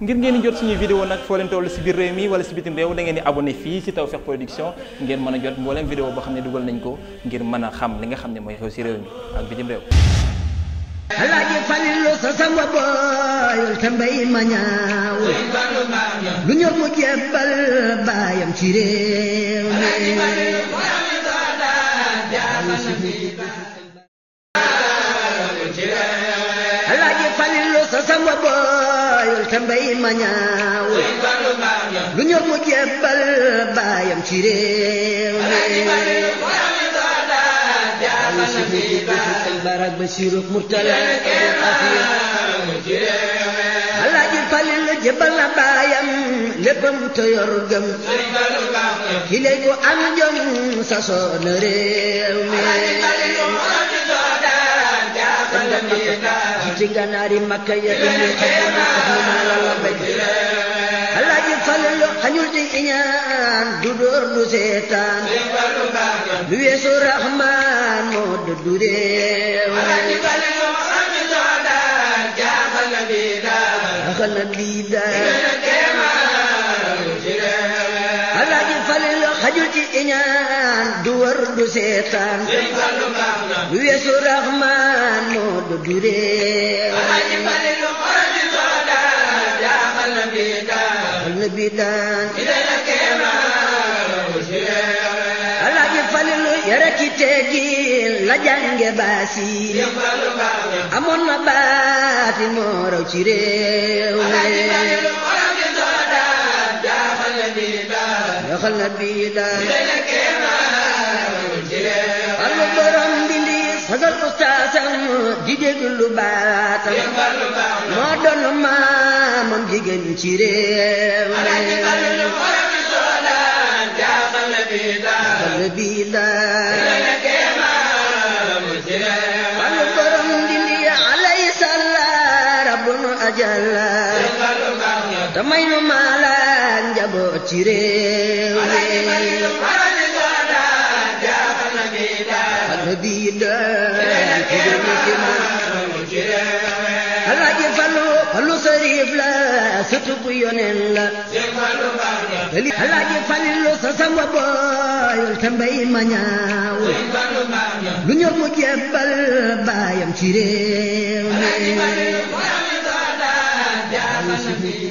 ngir ngeen di jot suñuy vidéo nag foo leen si biir réew mi wala si bitim réew da ngeen di abonné fii si Tawfekh Production ngeen mën a jot mbooleem vidéo boo xam ne dugal nañ ko ngir mën a xam li nga xam ne mooy xew si réew mi ak bitim réew lu ñor mu jebbal baayam ci réew mi te mbay ma ñaaw lu ñor mu jébbal baayam ci réew mi Alaaji Falil la jébbal na baayam léppam te yor gëm ki lay ko am jom sa soona réew mi ci ganaari makka ya inni naa la labay alaaji Falilu xañul ci iñaan du dóor du seetaan lu weesu rahmaan moo dëddu réew jaaxal na bii daal alaaji Falilu xañul ci iñaan du war du seetaan lu weesu rahmaan Maodo du réer. alaaji Falilu xooli soo daan na bii daan. xool na bii daan. gisee na kéemaan bu siree. alaaji Falilu yore ki teggin la jànge baasi. yëngalu baax amoon na baati moo raw na bii sagal ustaasam di déglu baatam moo doon maamam jigéen ci réew damay nu maala njaboot ci réew mi alaaji fallu fallu sariif la sutub yonen la alaaji fallu sa sama booyul te mbay ma ñaaw lu ñor mu jebbal baayam ci réew mi